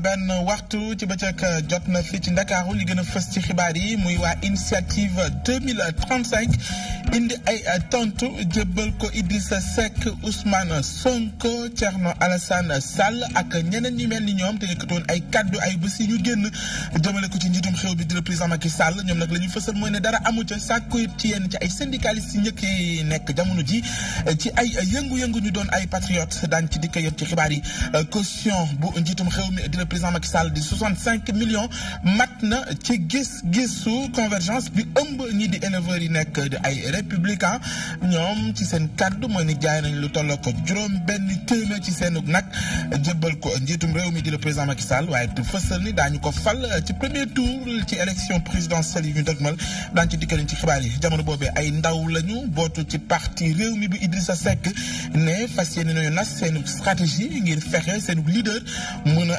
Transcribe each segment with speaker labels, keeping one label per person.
Speaker 1: benn waxtu ci bëccëg jot na fii ci Ndakaaru li gën a fës ci xibaar yi muy waa initiative 2035 indi ay tontu jébbal ko Idrissa Seck Ousmane Sonko Thierno Alassane Sall ak ñeneen ñi mel ni ñoom te yëkkatoon ay kaddu ay bés yi ñu génn jëmale ko ci njiitum xew bi di le président Macky Sall ñoom nag la ñu fësal mooy ne dara amu ca sàkku it ci yenn ci ay syndicalistes yi njëkk yi nekk jamono ji ci ay yëngu-yëngu ñu doon ay patriotes daan ci dikk yëpp ci xibaar yi caution le président Macky Sall di 65 millions maintenant ci gis-gisu convergence bi ëmb ni di éleveur yi de ay républicains ñom ci sen cadre mooy ni jaay nañ lu tolloo ko juróom benn téeméer ci seen nak jébbal ko njiitum réew mi di le président Macky Sall waye du fësal ni dañ ko fal ci premier tour ci élection présidentielle yu dogmal dañ ci dikkaliñ ci xibaar yi jamono boobee ay ndaw lañu botu ci parti réew mi bi Idrissa Seck ne fas ñu nas seen stratégie ngir fexé seen leader mëna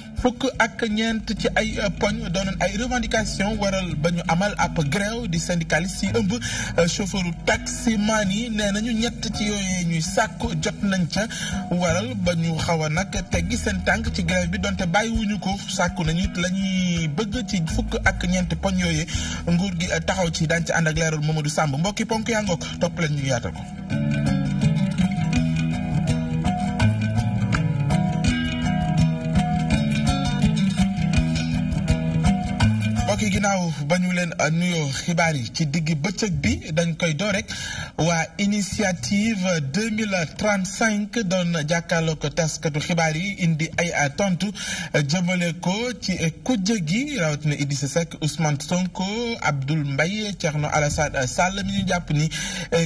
Speaker 1: fukk ak ñeent ci ay euh, poñ doonoon ay revendication waral ba ñu amal ab grève di syndicaliste yi ëmb euh, chauffeuru taxi maan yi nee nañu ñett ci yooyee ñuy sàkk jot nañ ca waral ba ñu xaw a nag teggi seen tànk ci grève bi donte bàyyiwuñu ko sàkku nañu it la bëgg ci fukk ak ñeent poñ yooyee nguur gi euh, taxaw ci daan ci ànd ak leeral du Samb mbokki ponk yaa ngoog topp leen ñu yaatal ko naaw ba ñu leen uh, nuyoo xibaar yi ci digg bëccëg bi dañ koy door rek waa initiative deux mille trente cinq doon jàkkaarloo ko taskatu xibaar yi indi ay uh, tontu uh, jëmale ko ci kujje gi na rawatina Idrissa Seck Ousmane Sonko Abdoul Mbaye Thierno Alassane Sall mi ñu jàpp ni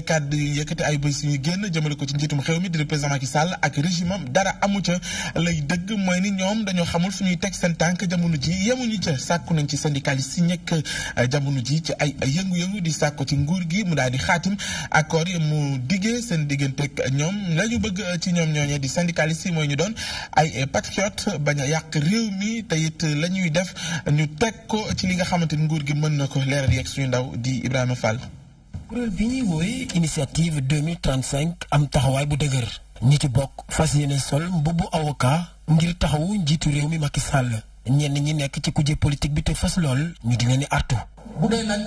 Speaker 1: kàddu yi yëkkati ay bés yu génn jëmale ko ci njiitum xew mi di président Macky Sall ak régime dara amu ca lay dëgg mooy ni ñoom dañoo xamul fu ñuy teg seen tànk jamono ji yemuñu ca sàkku nañ ci syndicaliste ñekk euh, jamono ji ci ay yëngu-yëngu di sàkko ci nguur gi mu daal di xaatim accord yi mu diggee seen digganteeg ñoom la ñu bëgg euh, ci ñoom ñooñee di syndicaliste yi mooy ñu doon ay euh, patriote bañ a yàq réew mi te it la ñuy def ñu teg ko ci li nga xamante ni nguur gi mën na ko leeral yeeg suñu ndaw di Ibrahima Fall.
Speaker 2: kuréel bi ñuy wooye initiative 2035 am taxawaay
Speaker 1: bu dëgër ñi ci bokk
Speaker 2: fas yéene sol mbubbu avocat ngir taxawu njiitu réew mi Macky Sall ñenn ñi nekk ci kujje politique bi te fas lool ñu di leen di artu. bu dee nag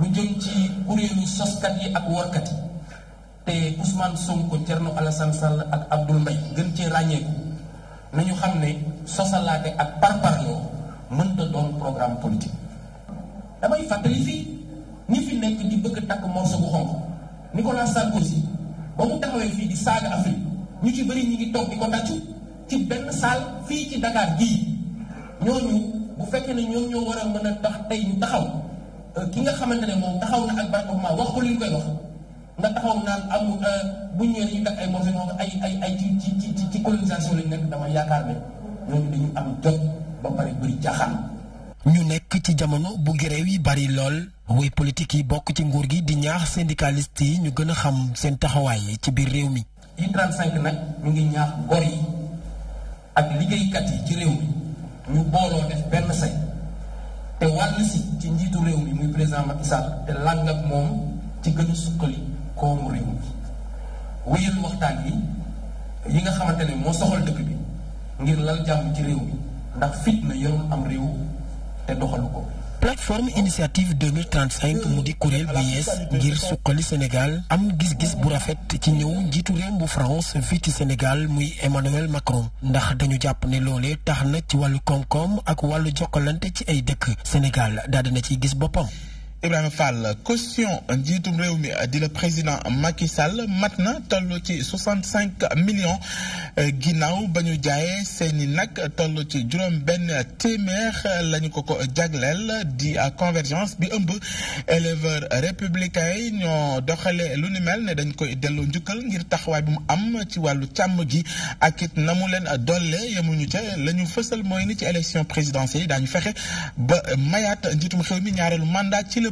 Speaker 2: lu jëm ci kuréelu soskat yi ak warkat yi te Ousmane Sonko Thierno Alassane Sall ak Abdoul Mbaye gën cee ràññeeku ñu xam ne sosalaate ak parparloo mënta doon programme politique. damay fàttali fii ñi fi nekk di bëgg takk morso bu xonq Nicolas Sarkozy ba mu taxawee fii di saaga Afrique ñu ci bëri ñu ngi toog ko tàccu ci benn salle fii ci Dakar gii. ñooñu bu fekkee ne ñoom ñoo war a mën a tax tey ñu taxaw euh, ki nga xamante ne moom taxaw na ak Barack wax ko li koy wax nga taxaw naan am euh, bu ñu ñëwee dañuy ay morceaux ñoom ay nekk dama yaakaar ne ñooñu dañu am jot ba pare bëri jaaxaan. ñu nekk ci jamono bu grève yi bari lool way politique yi bokk ci nguur gi di ñaax syndicaliste yi ñu gën a xam seen taxawaay ci biir réew mi. I 35 nag ñu ngi ñaax gor yi ak liggéeykat yi ci réew mi. ñu booloo def benn say te wàll si ci njiitu réew mi muy président Macky Sall te làng ak moom ci gën a sukkali koomu réew mi wéyal waxtaan bi yi nga xamante ne moo soxal dëkk bi ngir lal jàmm ci réew mi ndax fitna yorul am réew te doxalu ko plateforme initiative 2035 nous di kuréel bu Sénégal am gis-gis bu rafet ci France Sénégal muy Emmanuel Macron ndax dañu japp ne lolé tax na ci walu concom ak walu ci
Speaker 1: Sénégal daal dina Ibrahima Fall caution njiitum réew mi di la président Macky Sall mat na ci 65 millions euh, ginnaaw ba ñu jaayee seeni nag toll ci juróom benn téeméer lañu ko ko jagleel di convergence bi ëmb éleveur républicains yi ñoo doxale lu mel ne dañ koy delloo njukkal ngir taxawaay bi am ci wàllu càmm gi ak it na mu dolle yemuñu ca la ñu fësal ni ci élection présidentielle yi daañu fexe ba mayaat njiitum réew mi mandat ci la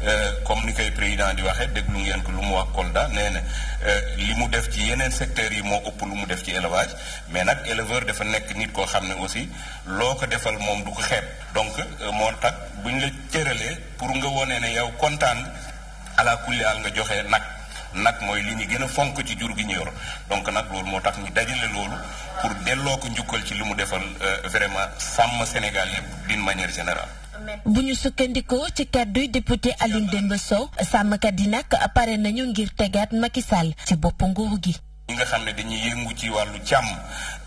Speaker 2: Euh, comme ni koy président di waxee déglu ngeen ko lu mu wax Kolda nee na euh, li mu def ci yeneen secteur yi moo ëpp lu mu def ci élevage mais nag éleveur dafa nekk nit koo xam ne aussi loo ko defal moom du ko xeet donc euh, moo tax bu ñu la cëralee pour nga wone ne yow kontaan ala kulli nga joxe nag nag mooy li ñu gën a fonk ci jur gi ñu yor donc nag loolu moo tax ñu dajale loolu pour delloo ko njukkal ci li mu defal vraiment sàmm Sénégal yëpp d'une manière générale
Speaker 3: bu ñu sukkandikoo ci kàdduy député Alioune Demba Sow sàmmkat yi nag pare nañu ngir tegaat Macky Sall ci bopp
Speaker 2: nguur gi. ñi nga xam ne dañuy yëngu ci wàllu càmm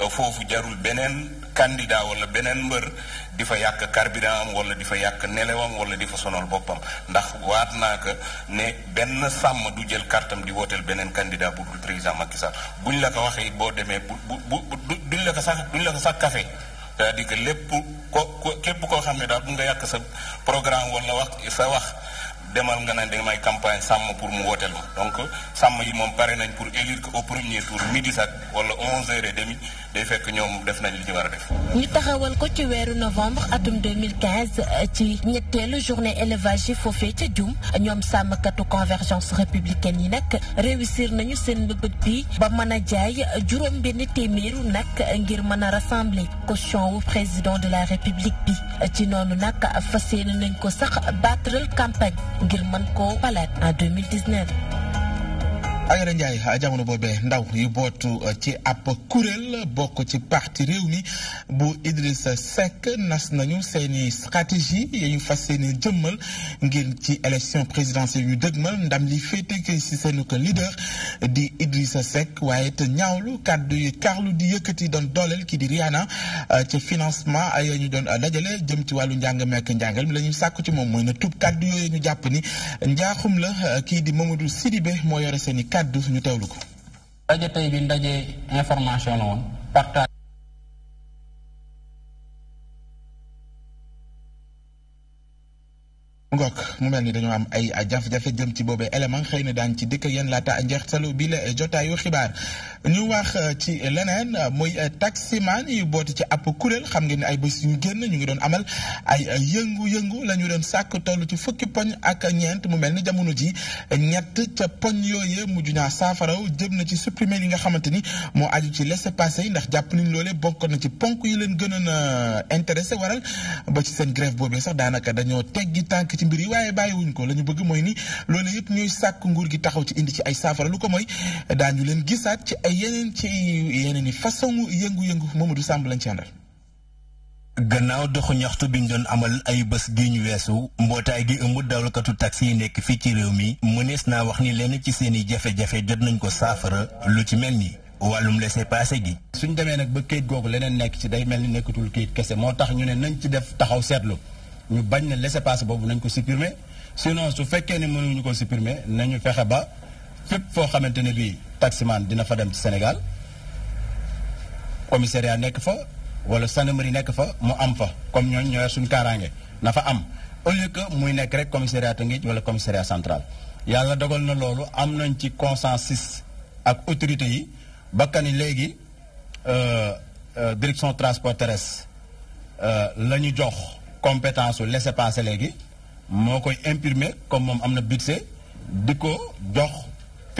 Speaker 2: foofu jarul beneen candidat wala beneen mbër di fa yàq carburant am wala di fa yàq nelewam wala di fa sonal boppam ndax waat naa ko ne benn sàmm du jël kartam di wooteel beneen candidat bu dul président Macky Sall buñ la ko waxee boo demee bu bu bu duñ la ko sax duñ la ko sax café c'est-à-dire que lépp ko képp koo xam ne daal bu nga yàq sa programme wala wax sa wax demal nga faire une campagne pour mu donc pour élire au premier tour midi wala et a def.
Speaker 3: ñu taxawal ko ci novembre 2015 euh, ci journée convergence républicaine yi réussir nañu bi ba a caution président de la république bi ci campagne ngir Co Palette, en 2019
Speaker 1: Aïda Ndiaye jamono boobee ndaw yu bootu uh, ci ab kuréel bokk ci parti réew mi bu Idrissa Seck nas nañu seeni stratégie yu fas yéene jëmmal ngir ci élection présidentielle yu dëgmal ndam li féete ki si seenu ko leader di Idrissa Seck waaye te ñaawlu kàddu yi Carlou di yëkkati doon dooleel ki di riana uh, ci financement ay ñu doon uh, dajale jëm ci wàllu njàng mekk njàngal mi la ñuy sàkku ci moom mooy na tub kàddu yooyu ñu jàpp ni njaaxum la kii di Mamadou Sidibé moo yore seeni kàddu ñu teewlu ko. ndaje tey bi ndaje information la woon partage. ngook mu mel ni dañoo am ay jafe-jafe jëm ci boobee élément xëy na daan ci dikk yenn laata njeextalu bi la jotaayu xibaar. ñu wax euh, ci leneen euh, muy euh, taximaan yu bootu ci ab kuréel xam nga ne ay bés yu génn ñu ngi doon amal ay yëngu-yëngu la ñu doon sàkk tollu ci fukki poñ ak ñeent mu mel ni jamono ji ñett ca poñ yooyu ju naa saafaraw jëm na ci supprimer li nga xamante ni moo aju ci laissez-passer yi ndax jàpp nañ loole bokk na ci ponk yi leen gënoon a intéressé waral ba ci seen grève boobee sax daanaka dañoo teggi tànk ci mbir yi waaye bàyyiwuñ ko la ñu bëgg mooy nii loolu yëpp ñuy sàkk nguur gi taxaw ci indi ci ay saafara lu ko yeneen ci yeneen i façon yëngu-yëngu du Samb lañ ci àndal. gannaaw doxu ñaxtu biñ doon amal ay bés gi ñu weesu mbootaay gi ëmb
Speaker 2: dawalkatu taxi yi nekk fii ci réew mi mënees naa wax ni lenn ci seen i jafe-jafe jot nañ ko saafara lu ci mel ni wàllum laissez-passer gi. suñ demee nag ba kayit googu leneen nekk ci day mel ni nekkatul kayit kese moo tax ñu ne nañ ci def taxaw seetlu ñu bañ ne laissez-passer boobu nañ ko supprimer sinon su fekkee ko supprimer nañu fexe ba. fépp foo xamante ne taximan, taximaan dina fa dem ci Sénégal commissariat nekk fa wala gendarmerie nekk fa mu am fa comme ñooñ ñooy suñu kaaraange na fa am au lieu que muy nekk rek commissariat Tëngéej wala commissariat central. yàlla dogal na loolu am nañ ci consensus ak autorité yi bakkan yi léegi euh, euh, direction transport terrestre euh, la ñu jox compétence su laissez-passer léegi moo koy imprimer comme moom am na budget di ko jox.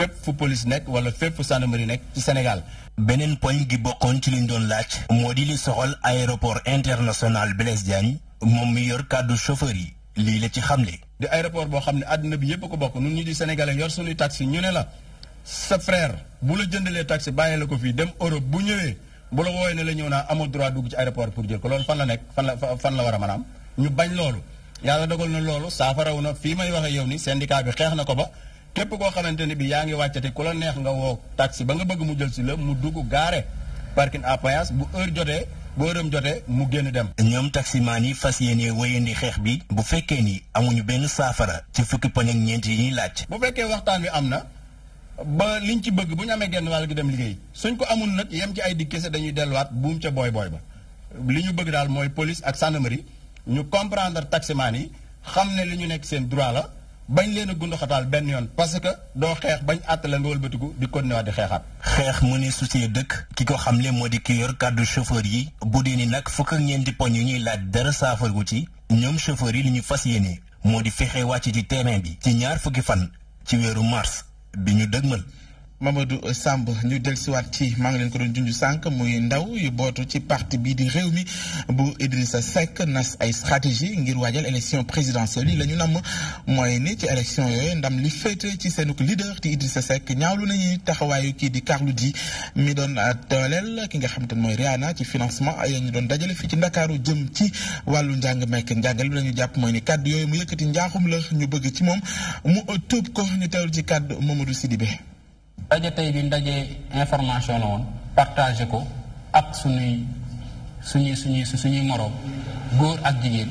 Speaker 2: fépp fu police nekk wala fépp fu gendarmerie nekk ci Sénégal. beneen poñ gi bokkoon ci liñ doon laaj. moo di li soxal aéroport international Blaise Diagne moom mi yor kàddu chauffeur yi lii la ci xam xamle. di aéroport boo xam ne àddina bi yëpp ko bokk nun ñu di sénégalais yor suñuy taxi ñu ne la sa frère bu la jëndalee taxi bàyyi la ko fii dem Europe bu ñëwee bu la woowee ne la ñëw naa amul droit dugg ci aéroport pour jël ko loolu fan la nekk fan la fan a ñu bañ loolu. yàlla dogal na loolu saafaraw na fii may waxee yow ni syndicat bi xeex na ko ba képp koo xamante ni bi yaa ngi wàccati ku la neex nga woo taxi ba nga bëgg mu jël si la mu dugg gaare parking à péage bu heure jotee bu heure jotee mu génn dem. ñoom taximaan yi fas yéene wéyandi xeex bi bu fekkee ni amuñu benn saafara ci fukki poñ ak ñeent yi ñuy laaj. bu fekkee waxtaan wi am na ba liñ ci bëgg bu ñu amee genn wàll gi dem liggéey suñ ko amul nag yem ci ay di kese dañuy delluwaat buum ca booy booy ba li ñu bëgg daal mooy police ak gendarmerie ñu comprendre taximaan yi xam ne li ñu nekk seen droit la. bañ leen a bunduxataal benn yoon parce que doo xeex bañ àttale nga wëlbatiku di continuer di xeexaat. xeex mu ne suñu dëkk ki ko ne moo di ki yor kàddu chauffeur yi bu dee ni nag fukk ak ñeenti poñ yu ñuy laaj dara saafaru ci ñoom chauffeur yi li ñu fas yéene moo di fexe wàcc
Speaker 1: ci terrain bi ci ñaar fukki fan ci weeru mars bi ñu dëgmal. Mamadou Samb ñu dellusiwaat ci maa ngi leen ko doon junj sànq muy ndaw yu bootu ci parti bii di réew mi bu sa Seck na ay stratégie ngir waajal élection présidentielle yi la ñu namm mooy ni ci élection yooyu ndam li féete ci seenuk leader di Idrissa Seck ñaawlu nañu taxawaayu kii di Carlou D mi doon dooleel ki nga xam te mooy Rihanna ci financement ay ñu doon dajale fi ci Ndakaaru jëm ci wàllu njàng mekk njàngale bi la ñu jàpp mooy ni kàddu yooyu mu yëkkati njaaxum la ñu bëgg ci moom mu tuub ko ñu teewlu ci kàddu Mamadou Sidibé
Speaker 2: ndaje tey bi ndaje information la woon partagé ko ak suñuy suñuy suñuy suñuy moroom góor ak jigéen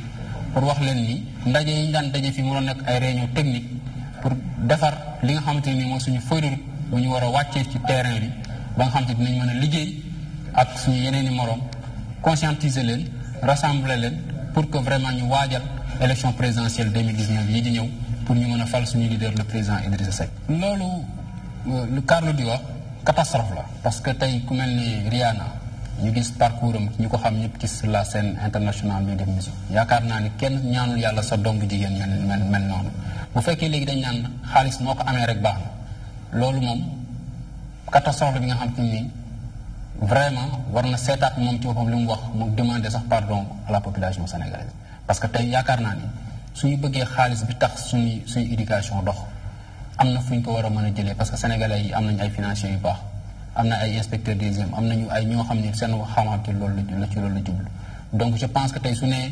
Speaker 2: pour wax leen ni ndaje yi ñu daan daje fi mu doon nekk ay réunion technique pour defar li nga xamante ne nii mooy suñu feuille de bu ñu war a wàccee ci terrain bi ba nga xamante dinañ mën a liggéey ak suñu yeneen i moroom conscientiser leen rassembler leen pour que vraiment ñu waajal élection présidentielle 2019 yi di ñëw pour ñu mën a fal suñu leader le président Idrissa Seck lu Carlo di wax catastrophe la parce que tay ku melni ni Rihanna ñu gis parcours am ñu ko xam ñep ci la scène internationale bi dem musique yaakaar na ni kenn ñaanul yalla sa dong jigen jigéen mel mel mel noonu bu fekke léegi dañ nan xaliss moko amé rek baax lolu mom catastrophe bi nga xam te ni vraiment war na seetaat moom ci boppam limu wax mu demander sax pardon à la population sénégalaise parce que tay yaakaar na ni suñu bëggé xaliss bi tax suñu suñu éducation dox am na fu ñu ko war a mën a jëlee parce que sénégalais yi am nañu ay financiers yu baax am na ay inspecteurs des impôts am nañu ay ñoo xam ne seen xam-xam loolu la ci loolu la jublu donc je pense que tey su ne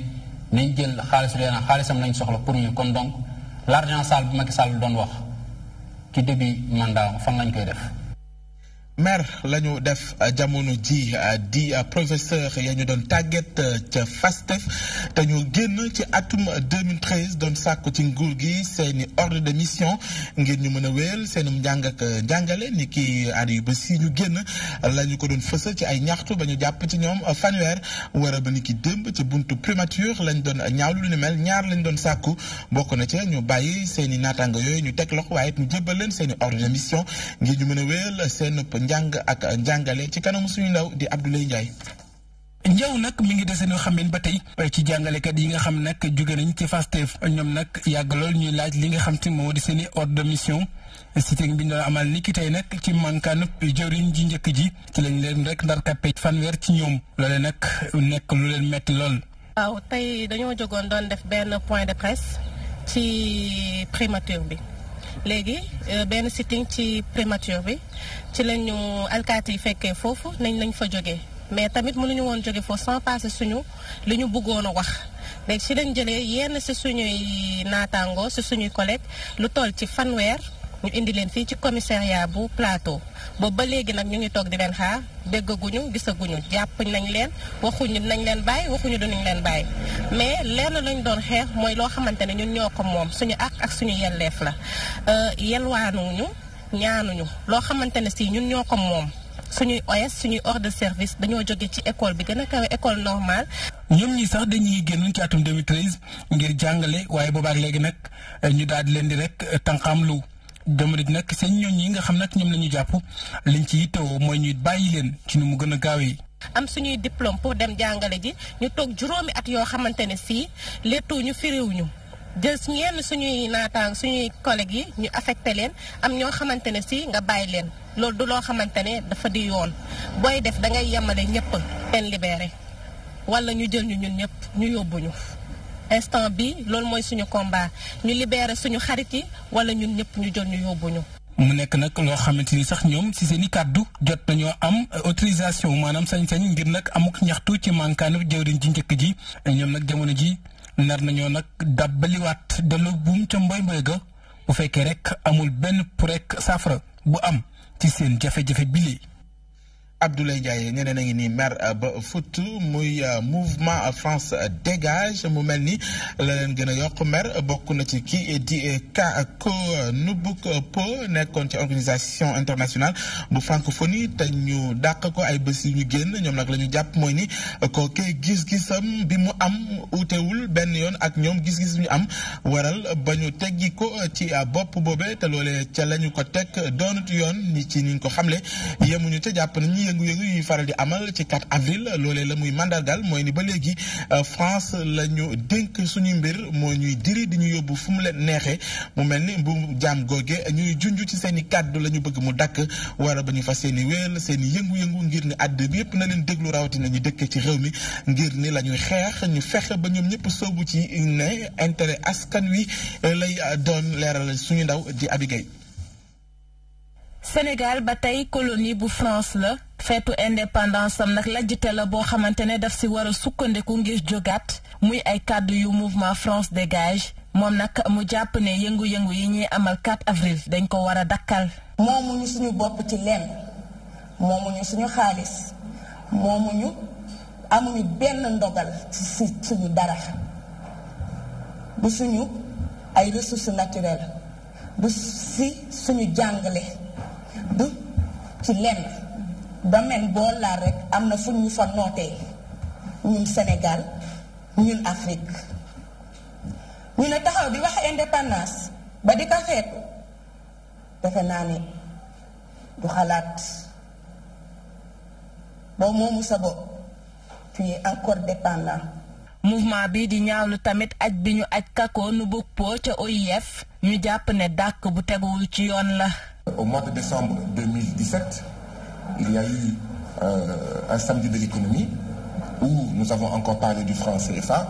Speaker 2: nañ jël xaalisu leen xaalisam nañ soxla pour ñu kon donc l'argent sale bi Macky Sall doon wax ci début mandat fan lañ koy def
Speaker 1: mer lañu def euh, jamono ji euh, di euh, professeur yañu ñu doon ci ca FASTEF te ñu génn ci atum 2013 doon sàkku ci nguur gi seeni ordre de mission ngir ñu mëna a wéyal jang ak jangalé ni ki at ba si ñu génn lañu ko doon fësal ci ay ñaxtu ba ñu jàpp ci ñom fanweer war ba ni ki démb ci buntu premature lañ doon ñaawlu lu ni mel ñaar lañ doon sàkku bokk na ci ñu bayyi seeni natanga yoy ñu tek lox waye ñu jébbal leen ordre de mission ngir ñu mëna a wéyal seen njàng ak jàngale ci kanam suñu ndaw di Abdoulaye Ndiaye.
Speaker 2: Ndiaw nag mi ngi dese ñoo xam ba tey ci jàngalekat yi nga xam nag jóge nañ ci FASTEF ñoom nag yàgg lool ñuy laaj li nga xam te moo di seeni i ordre de mission sitting bi ñu doon amal ni ki tey nag ci mankaan jëwriñ ji njëkk ji ci lañ leen rek ndar kappe fanweer ci ñoom loole nag nekk lu leen metti lool.
Speaker 3: waaw tey dañoo jógoon doon def benn point de presse ci primature bi. léegi euh, benn sitting ci primature bi ci la ñu alkaati yi fekkee foofu nañ lañu fa jógee mais tamit ñu woon jóge foofu sans suñu li ñu bëggoon a wax léegi ci lañ jëlee yenn si suñuy naataangoo si suñuy collègue lu tool ci fanweer ñu indi leen fii ci commissariat bu plateau boobu ba léegi nag ñu ngi toog di leen xaar déggaguñu gisaguñu jàpp nañ leen waxuñu nañ leen bàyyi waxuñu dunañ leen bàyyi mais lenn lañ doon xeex mooy loo xamante ne ñun ñoo ko moom suñu ak ak suñu yelleef la euh, yelwaanuñu ñaanuñu loo xamante ne si ñun ñoo ko moom suñuy OS suñuy ordre de service dañoo jóge ci école bi gën a kawe école normale.
Speaker 2: ñoom ñi sax dañuy génn ci atum 2013 ngir jàngale waaye boobaak léegi nag ñu daal leen di rek tànqaam lu dëmërit nag seen ñooñ yi nga xam nag ñoom la ñu jàpp liñ ci yittewoo mooy ñuy bàyyi leen ci nu mu gën a gaawee.
Speaker 3: am suñuy diplôme pour dem jàngale ji ñu toog juróomi at yoo xamante ne sii léttu ñu firiw ñu jël su ñenn suñuy naataang suñuy collègues yi ñu affecté leen am ñoo xamante ne si nga bàyyi leen loolu du loo xamante ne dafa di yoon booy def da ngay yemale ñëpp leen libéré wala ñu jël ñu ñun ñëpp ñu yóbbu ñu. instant bi loolu mooy suñu combat ñu libéré suñu xarit yi wala ñun ñëpp ñu jot ñu yóbbu ñu.
Speaker 2: mu nekk nag loo xamante ni sax ñoom ci seen i kàddu jot nañoo am euh, autorisation maanaam sañ-sañ ngir nag amuk ñaxtu ci mankaanu jëwriñ ji njëkk ji ñoom nag jamono ji nar nañoo nag dabbaliwaat dellu buum ca mboy mboy ga bu fekkee rek amul benn pour rek saafara bu am ci seen jafe-jafe
Speaker 1: bi Abdoulaye Diaye nee nañu ni mer euh, ba foot muy euh, mouvement France dégage mu melni ni la leen mer na ci kii di ko nubuk po nekkon ci organisation internationale bu francophonie te ñu dàq ko ay bés ñu genn ñom nak lañu japp moy ni ko gis-gisam bi mu am utewul ben yoon ak ñom gis-gis ñu am waral ba ñu teggi ko ci bop boobe te lolé ca lañu ko tek doonut yoon ni ci ñu ko ñu te japp nañu yëngu-yëngu yuy faral di amal ci 4 avril loole la muy mandargal mooy ni ba léegi euh, France la ñu dénk suñu mbir moo ñuy diri di ñu yóbbu fu mu leen neexee mu mel ni bu jaam googe ñuy junj ci seen i kàddu la ñu bëgg mu dakk wara ba ñu fas seen i wéel seen yëngu-yëngu ngir ni àdd yëpp na leen déglu rawatina ñu dëkk ci réew mi ngir ni la ñuy xeex ñu fexe ba ñoom ñëpp soobu ci ne intéret askan wi euh, lay euh, doon leeral suñu ndaw di Abi Gueye
Speaker 3: Sénégal ba tey colonie bu France la feetu indépendance am nag lajjite la boo xamante ne daf si war a sukkandiku ngir jógaat muy ay kàddu yu mouvement France de gage moom nag mu jàpp ne yëngu-yëngu yi ñuy amal 4 avril dañ ko war a dakkal. moomuñu suñu bopp ci lenn moomuñu suñu xaalis moomuñu amuñu benn ndogal ci suñu dara bu suñu ay ressources naturelles bu si suñu jàngale. du ci lenn domaine boo laal rek am na fu ñu fa nootee ñun Sénégal ñun Afrique ñu ne taxaw di wax indépendance ba di ko xeetu defe naa ne du xalaat boo moomu sa bopp encore dépendant mouvement bi di ñaawlu tamit aj bi ñu aj kakoo nu bëgg ca OIF ñu jàpp ne dàkk bu teguwul ci yoon la
Speaker 2: Au mois de décembre 2017, il y a eu euh, un samedi de l'économie où nous avons encore parlé du franc CFA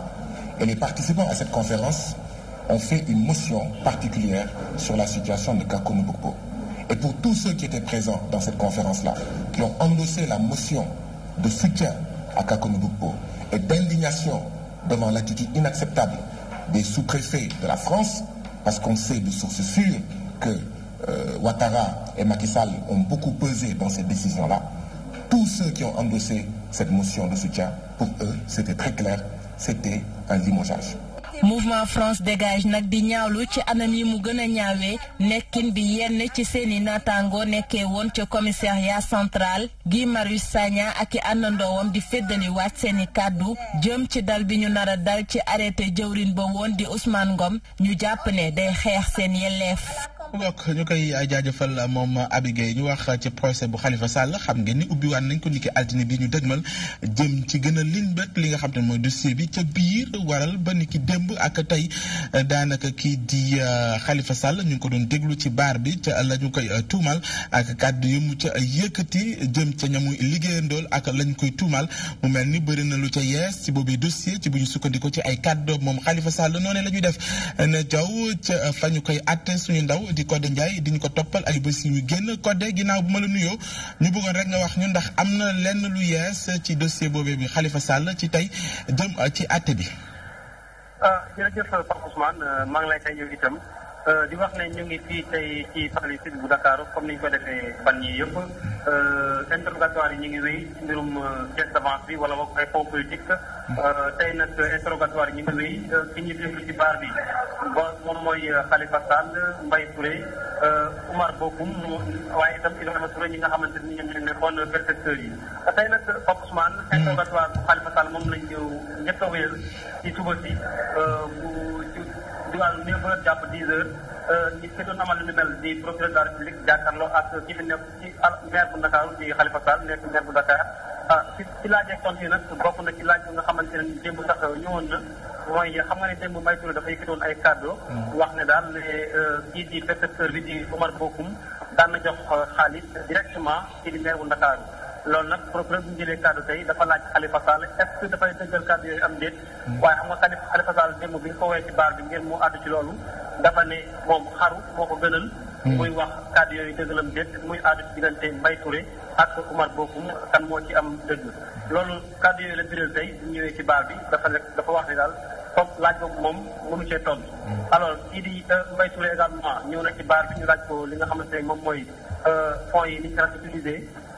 Speaker 2: et les participants à cette conférence ont fait une motion particulière sur la situation de Kakomobokpo. Et pour tous ceux qui étaient présents dans cette conférence-là,
Speaker 1: qui ont endossé la motion de soutien à Kakomobokpo et d'indignation devant l'attitude inacceptable des sous-préfets de la France, parce qu'on
Speaker 2: sait de sources sûres que Ouattara et Macky Sall ont beaucoup pesé dans cette décision là Tous ceux qui ont endossé cette motion de soutien, pour eux, c'était très clair, c'était un limogeage.
Speaker 3: mouvement France dégage nak di ñaawlu ci anam yi mu gëna a nekkin bi yenn ci seeni nekké won ci commissariat central Guy Marius Sagna ak i àndandoowam di féddaliwaat seeni kàddu jëm ci dal bi ñu nara dal ci arrêté jëwrin ba won di Ousmane Ngom ñu japp né day xex seen yelleef
Speaker 1: mbokk ñu koy jaajëfal moom Abi Gueye ñu wax ci procès bu Khalifa Sall xam ngeen ni ubbiwaan nañ ko niki altine bi ñu dëgmal jëm ci gën a liñ li nga xam ne mooy dossier bi ca biir waral ba niki démb ak tey daanaka kii di euh, Khalifa Sall ñu ngi ko doon déglu ci baar bi ca la koy euh, tuumal ak kàddu yu mu ca yëkkati jëm ca ñamuy liggéeyandool ak lañ koy tuumal mu mel ni bëri na lu ca yees ci boobu dossier ci sukkandiku ci ay kàddu moom Khalifa Sall noonu la ñuy def jaw ca fa ñu koy atte suñu ndaw di Codé Ndiaye di ñu ko toppal ay bés yu génn Codé ginnaaw bu ma la nuyoo ñu bëggoon rek nga wax ñu ndax am na lenn lu yees ci dossier boobee bi xalifa Sall ci tey jëm ci àtte bi.
Speaker 4: ah jërëjëf Pape Ousmane euh, maa ngi lay yow itam. Euh, di wax ne ñu ngi fii tey ci parmi bu Dakar comme ni ñu ko defee fan yii yëpp euh, interrogatoire yi ñu ngi wéy ci mbirum euh, caisse d'avance bi wala wax ay fonds politique tey nag interrogatoire yi ñu ngi wéy fi ñu déglu ci baar bi ba moom mooy Khalifa Sall Mbaye Touré Oumar Bokum waaye itam Ibrahima Touré ñi nga xamante ni ñoom ñoo nekkoon percepteurs yi tey nag Pape Ousmane hmm. interrogatoire bu Khalifa moom lañ ñëw njëkk a ci suba si wàllu neuf jàpp dix heures ñu si doon ñu mel di procureur de la république jàkkaarloo ak ki fi nekk ci maire bu Dakar di Khalifa Sall nekk maire bu Dakar ah ci ci laajee tontu yi nag bokk na ci laaj bi nga xamante ne démb sax ñëwoon na mooy xam nga ne démb Mbaye Touré dafa ay kàddu. Hmm. wax ne daal ne euh, kii di percepteur bi di Omar Bokum daan na jox xaalis directement ci maire bu Dakar. loolu nag procureur bu ñu jëlee kaddu tey dafa laaj Khalifa Sall est-ce que dafay dëggal kaddu yooyu am déet hmm. waaye xam nga Khalifa Khalifa Sall démb bi ñu ko woowee ci baar bi ngeen mu àddu ci loolu dafa ne moom xaru moo ko gënal hmm. muy wax kaddu yooyu dëggalam déet muy àddu ci diggante Mbaye Touré ak Oumar Bokum kan moo ci am dëgg loolu kaddu yooyu la biral tey bu ñëwee ci baar bi dafa ne dafa wax ne daal foofu laaj boobu moom mënu cee toll hmm. alors kii di euh, Mbaye Touré également ñëw na ci baar bi ñu laaj ko li nga xamante ne moom mooy euh, fonds yi ni ñu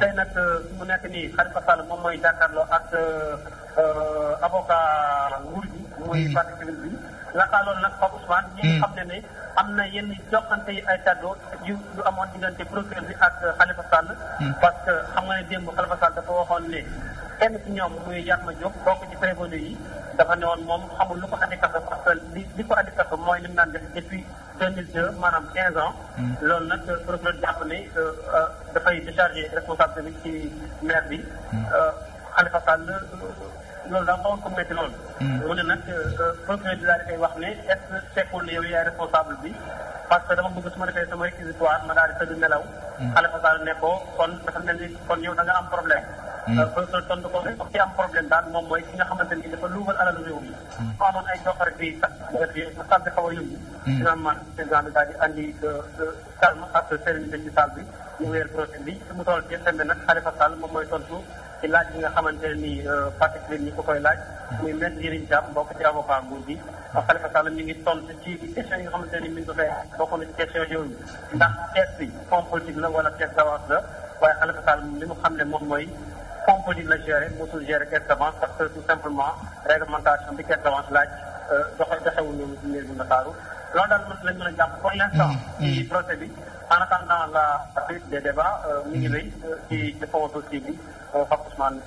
Speaker 4: tey nag mu nekk nii Khalifa Sall moom mooy jàkkaarloo ak eh, avocat nguur gi muy hmm. parti civil bi laataa loolu nag Pape Ousmane ñi xam hmm. ne ne am na yenn joxante yi ay cadeau yu yu amoon diggante procureur bi ak Khalifa Sall parce que xam nga ne démb Sall dafa waxoon ne kenn ci ñoom muy bokk ci prévenu yi dafa ne woon moom xamul lu ko andi kaso parce que li li ko andi kaso mooy lim naan def depuis 2002 maanaam 15 ans. Hmm. loolu nag euh, procureur jàpp ne euh, dafay décharger responsable bi ci maire bi. Hmm. Euh, Khalifa Sall loolu daa xaw ko métti lool. Hmm. mu ne nag procureur bi daal di wax ne est ce que fekkul ne responsable bi parce que dama bëgg su ma defee sama réquisitoire ma daal di tëdd nelaw. Khalifa Sall ne ko kon dafa mel ni kon yow da am problème. consul mm. euh, tontu ko rek ci am problème daal moom mooy ki nga xamante ni dafa luubal alal réew mi ko mm. amoon ay doxare bi salle bi xaw a yëngu mm. dina man exemple daal di andi euh, euh, calme ak sérénité ci salle bi ñu weer projet bi su mu toll ci sembe nag Khalifa Sall moom mooy tontu ci laaj bi nga xamante ni particulier ñi ko koy laaj muy mel njëriñ jàpp bokk ci avocat nguur gi Khalifa Sall mi ngi tontu ci question yi nga xamante ni mi ngi ko koy bokk na ci question yooyu ndax thèse bi fond politique la wala thèse d'avance la waaye Khalifa Sall li mu xam ne moom mooy compagnie la gérer mosul gérer caisse d'avance parce que tout simplement réglementation bi caisse d'avance laaj euh, doxal doxewul noonu ci mairie bu Ndakaaru loolu daal mën lañ mën a jàpp pour l'instant mm-hmm. ci procès bi en attendant la suite des débats euh, mi ngi wéy euh, ci a fond dossier bi Pape Ousmane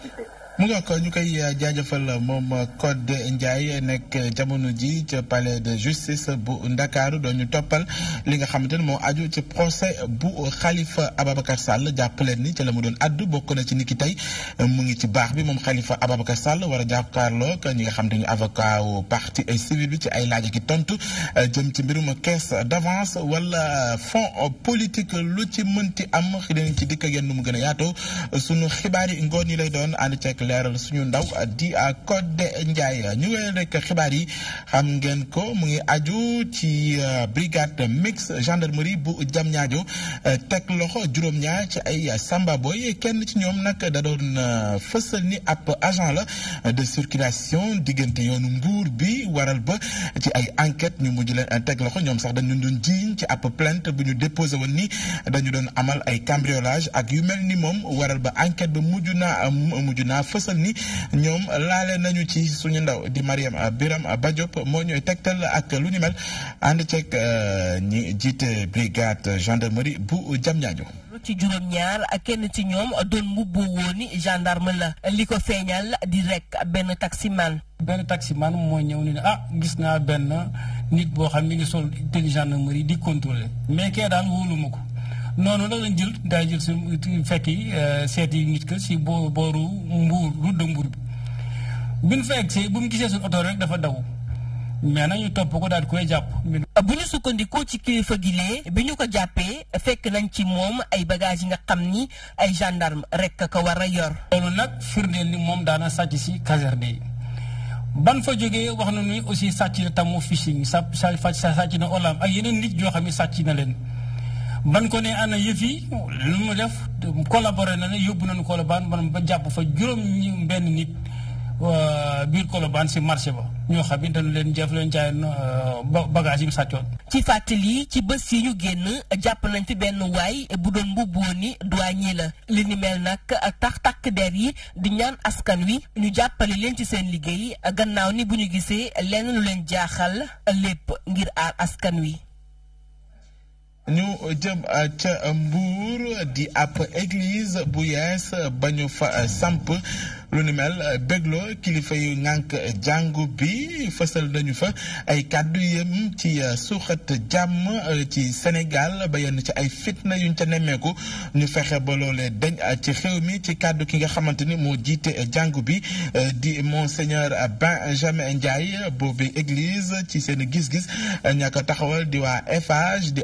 Speaker 1: mu nga ko ñu koy euh, jaajëfal moom euh, de Ndiaye nekk jamono ji ca palais de justice bu Ndakaaru doon ñu toppal li nga xamante ne moo aju ci procès bu Khalifa Ababacar Sall jàppaleen ni ci la mu doon addu bokk na ci niki tey mu ngi ci baax bi moom xalifa Ababacar Sall war a jàkkaarloo ak ñi nga xamante ni avocat wu parti civil bi ci ay laaj ki tontu euh, jëm ci mbirum caisse d'avance wala fonds politique lu ci mënti am dinañ ci dikk ak yéen nu mu gën a yaatoo sunu xibaar yi ngoon yi lay doon ànd leeral suñu ndaw di Codé Ndiaye ñu wéyal rek yi xam ngeen ko mu ngi aju ci euh, brigade mixte gendarmerie bu Diamniadio euh, teg loxo juróom ci ay Samba Boy kenn ci ñoom nag da doon euh, fësal ni ab agent la de circulation diggante yoonu mbuur bi waral ba ci ay enquête ñu mujj leen teg loxo ñoom sax dañu doon jiiñ ci ab plainte bu ñu déposé woon ni dañu doon amal ay cambriolage ak yu mel ni moom waral ba enquête ba mujj naa mujj fësal ni ñoom laale nañu ci suñu ndaw di Mariam Biram ba Badiop moo ñooy tegtal ak lu ni mel ànd ceeg euh, ñi jiite brigade gendarmerie bu Diamniadio
Speaker 3: ci juróom-ñaar ak kenn ci ñoom
Speaker 2: doon mbubboo woon ni gendarme la li ko feeñal di rek benn taximan. benn taximan moo ñëw ni ne ah gis naa benn nit boo xam ni ngi sol tenue gendarmerie di contrôler mais daan wóolu ma ko. noonu la lañ jël daa jël si fekki euh, seet yi nit ka si boo booru mbuur route mbuur bi bi nu fa eggsee bu mu gisee suñu oto rek dafa daw mais nañu topp ko daal koy jàpp bu ñu sukkandikoo ci kilifa
Speaker 3: gi lee bi ñu ko jàppee fekk nañ ci moom ay bagages yi nga xam ni ay gendarme
Speaker 2: rek ko war a yor loolu nag firndeel ni moom daana sàcc si caserne yi ban fa jógee wax na ni aussi sàcc na tamu fishing sa sàcc na olaam ak yeneen nit yoo xam ne sàcc na leen ban ko ne ana yëf yi lu mu def collaboré na ne yóbbu nañu Colobane man ba jàpp fa juróom benn nit euh, biir Colobane si marché ba ñoo xam ne dañu leen jëf leen jaay euh, bagage yi mu sàccoon ci fàttali ci bës yi ñu génn jàpp nañ fi benn waay bu doon mbubboo ni douanier la li ni mel
Speaker 3: nag tax takk der yi di ñaan askan wi ñu jàppale leen ci seen liggéey gannaaw ni bu ñu gisee lenn lu leen jaaxal lépp ngir aar askan wi
Speaker 1: ñu euh, jëm euh, ca Ambour euh, di ab église bu yees fa samp lu ni mel bégloo kilifa yu ŋànk jàngu bi fësal fa ay ci Sénégal ba ci fitna yuñ ca ñu fexe ba loolee dañ ci xew ci ki nga monseigneur Benjamin Ndiaye boobu église ci seen gis-gis taxawal di waa FH di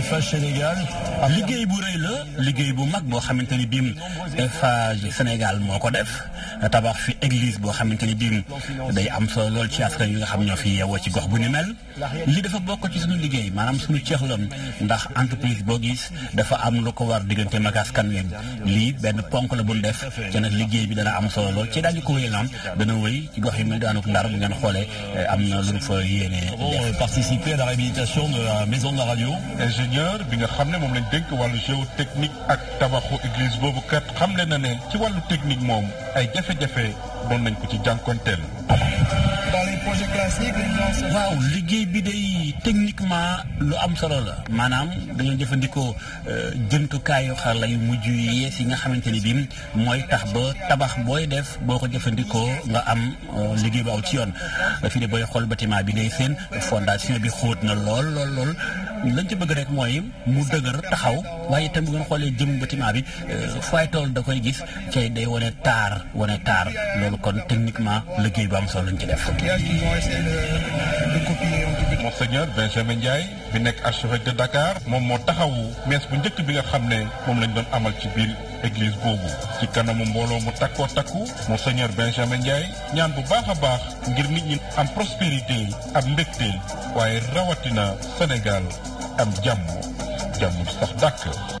Speaker 4: FH Sénégal. Ah, liggéey bu rëy la liggéey bu mag bo xamanteni ni bii
Speaker 2: Sénégal moko ko def tabax fi église bo xamanteni ni day am solo lol ci askan yi nga xam ñoo fi yeewoo ci gox bu ni mel. li dafa bokk ci sunu liggéey manam sunu ceexloon ndax entreprise bo gis dafa am lu ko war diggante mag askan wi li Ben ponk la bu def ci nak liggéey bi dana am solo lol ci daañu ko wéyal am dana ci gox yi mel daanaka ndar bu ngeen xolé am na lu fa yéene participer à la réhabilitation de la maison de la radio ingénieur bi nga xam ne moom lañ dénk wàllu géotechnique ak tabaxu église boobu kat xam na ci technique moom ay nañ ko waaw liggéey bi day techniquement lu am solo la maanaam dañoo jëfandikoo euh, jëntukaayu xarala yu mujj yi yees yi nga xamante ni bi mooy tax ba tabax booy def boo ko jëfandikoo nga am euh, liggéey bu ci yoon fi ne booy
Speaker 5: xool bâtiment bi ngay seen fondation bi xóot na lool lool lool lañ ci bëgg rek mooy mu dëgër taxaw waaye itam bu ngeen xoolee jëm bâtiment bi euh, fooy tool da koy gis cay day wane taar wane taar loolu kon techniquement liggéey bu am solo lañ ci def
Speaker 2: Monseigneur Benjamin Ndiaye bi archevêque de Dakar mon mo taxawu mess bu bi nga xamné mom lañ doon amal ci biir église ci kanamu mbolo mu Monseigneur Benjamin Ndiaye ñaan bu baax ngir nit ñi am prospérité am rawatina Sénégal am jamm
Speaker 1: jamm sax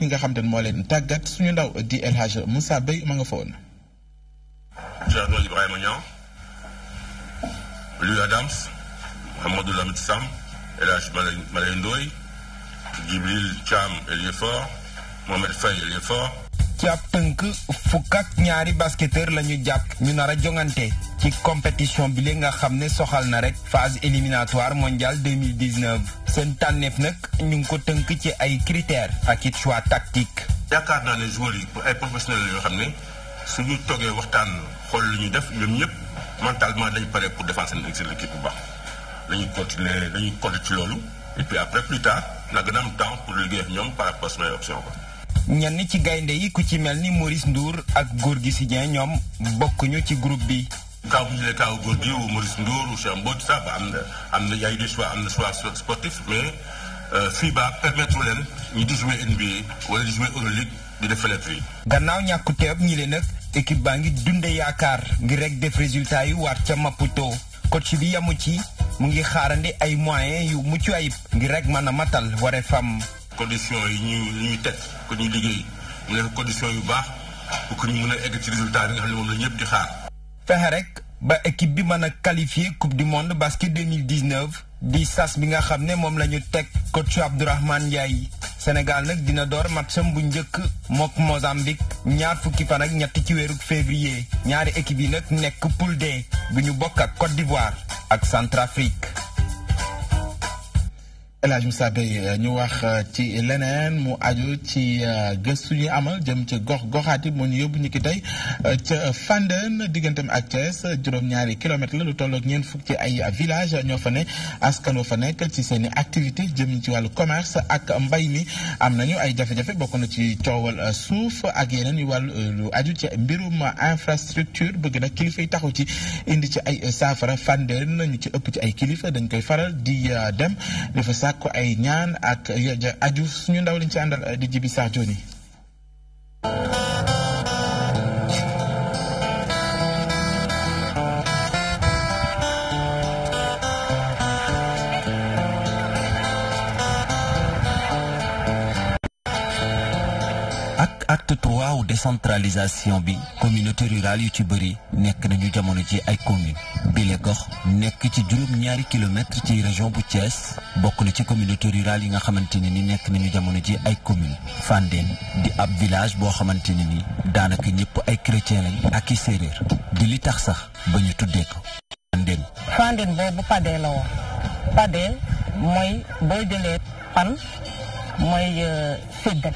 Speaker 1: ki nga xam te ne moo suñu ndaw di El Hadj Moussa Bey ma nga fa woon.
Speaker 2: Thierno Ibrahima Niang Adams Hamadou Lamit Sam El Hadj Malay Ndoye Djibril Thiam Mohamed Faye Eliéfort ci ab tënk fukk ak ñaari basketteur lañu ñu jàpp ñu nar a jongante ci compétition bi li nga xam ne soxal na rek phase éliminatoire mondial 2019 seen tànneef nag ñu ngi ko tënk ci ay critères ak it choix tactique. yaakaar naa ne joueurs yi ay professionnels la yoo xam ne suñu toogee waxtaan xool li ñu def ñoom ñëpp mentalement dañ pare pour défendre seen équipe bu baax dañuy continuer dañuy continuer ci loolu et puis après plus tard la gën a am temps pour liggéey ak ñoom par rapport à suñu option quoi. ñenn ci gaynde yi ku ci mel ni Maurice nduur ak góor gi Dieng ñoom bokkuñu ci groupe bi. kaw bu ñu kaw góor gi wu Maurice Ndour ou Cheikh Mbodj ça va am na am na y a am na choix sportif mais euh, FIBA permettre leen ñu di jouer NBA wala di jouer Euroleague di def fenêtre yi. gannaaw ñàkku teeb ñi leen nag équipe baa ngi dunde yaakaar ngir rek def résultat yu war ca Maputo coach bi yamu ci mu ngi xaarandi ay moyen yu mucc ayib ngir rek mën a matal waree fam conditions yi ñu ñu teg ku ñuy liggéey mu nekk condition yu baax pour que ñu mën a egg ci résultat yi nga xam ne moom la ñëpp di xaar. fexe rek ba équipe bi mën a qualifié coupe du monde basket 2019 di sas bi nga xam ne moom la ñu teg coach Abdourahmane Ndiaye Sénégal nag dina door matcham bu njëkk mook Mozambique ñaar fukki fan ak ñett ci weeru février ñaari équipe yi nag nekk pool D bu ñu bokk ak Côte d'Ivoire
Speaker 1: ak Centrafrique. El Hadj Moussa Gueye euh, ñu wax euh, ci leneen mu aju ci euh, gëstu ñu amal jëm ci gox goxaat yi moo ñu yóbbu ñu ki tey ca Fandène digganteem ak Thiès juróom-ñaari kilomètre la lu tollook ñeent fukk ci ay village ñoo fa ne askanoo fa nekk ci seen i activité jëm ci wàllu commerce ak mbay mi am nañu ay jafe-jafe bokk na ci coowal suuf ak yeneen yu wàllu lu aju ci mbirum infrastructure bëgg na kilifa yi taxu ci indi ci ay saafara Fandène ñu ci ëpp ci ay kilifa dañ koy faral di dem sàkku ay ñaan ak aju suñu ndaw liñ ci àndal di jibi saa jooni
Speaker 5: acte trois ou décentralisation bi communauté rurale yu ci bëri nekk nañu jamono ci ay commune bile gox nek ci juróom-ñaari kilomètres ci région bu Thiès bokk na ci communauté rurale yi nga xamante ni nek nañu jamono ci ay commune fandine di ab village bo xamante ni danaka ñepp ay chrétien lañ ak i séeréer di li tax sax ba ñu tuddee ko Fandène Fandène
Speaker 3: bu Padé la woon Padé moy boy jëlee pan moy euh, séddale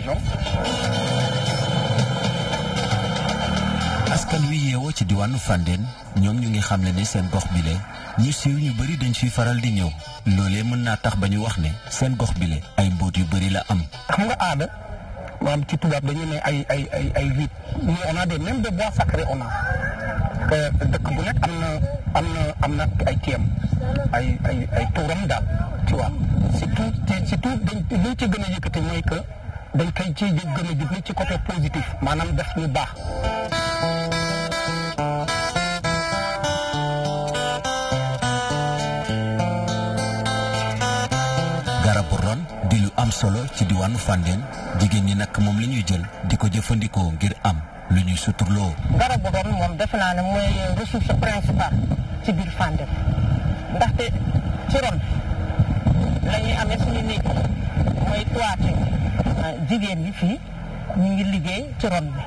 Speaker 2: dirigeant
Speaker 5: askan wi yewo ci diwanu fanden ñom ñu ngi xamle ni seen gox bi bile ñu siiw ñu bari dañ ci faral di ñew lolé mën na tax bañu wax ne seen gox bi bile ay
Speaker 2: boot yu bari la am. xam nga aada maam ci tubaab dañu né ay ay ay ay vit ñu on a des même de bois sacré on a euh dëkk bu nek amna amna amna ay tiem ay ay ay touram da ci waa surtout tout dañ tout dañ ci gëna yëkëti moy mooy que dañ koy ci yu gëna a ci côté positif manam def ñu baax
Speaker 5: garabu ron di lu am solo ci diwanu fanden jigéen ñi nak mom lañuy jël diko jëfëndiko ngir am lu ñuy suturloo
Speaker 3: garabu ron mom def na ne moy ressource principale ci bir fanden ndaxte ci ron la ñuy amee suñu néeg mooy toiture ah, jigéen ñi fii ñu ngi liggéey ci ron bi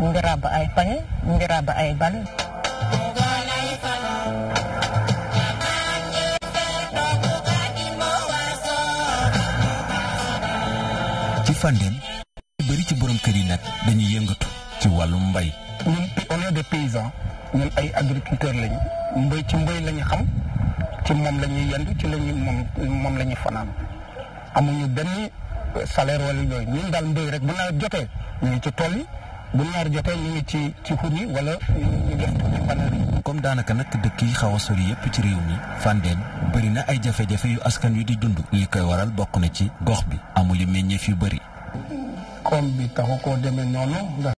Speaker 3: ñu ngi ràbb ay pañe ñu ngi ràbb ay bal
Speaker 2: ci Fandène bëri ci borom kër yi nag dañuy yëngatu ci wàllum mbay ñun on est des paysans ñun ay agriculteurs lañu mbay ci mbay lañu xam ci moom la ñuy yendu ci la moom moom la ñuy fanaan amuñu benn euh, salaire wala yooyu ñun daal mbéy rek bu nawet jotee ñu ngi ci tool yi bu naar jotee ñu ngi ci ci xur wala ñu def ci fanaan
Speaker 5: yi. comme daanaka nag dëkk yi xaw a sori yëpp ci réew mi Fandène bëri na ay jafe-jafe yu askan wi di dund. li koy waral bokk na ci gox bi. amul yi meññeef yu bëri.
Speaker 2: koom bi taxu koo demee noonu.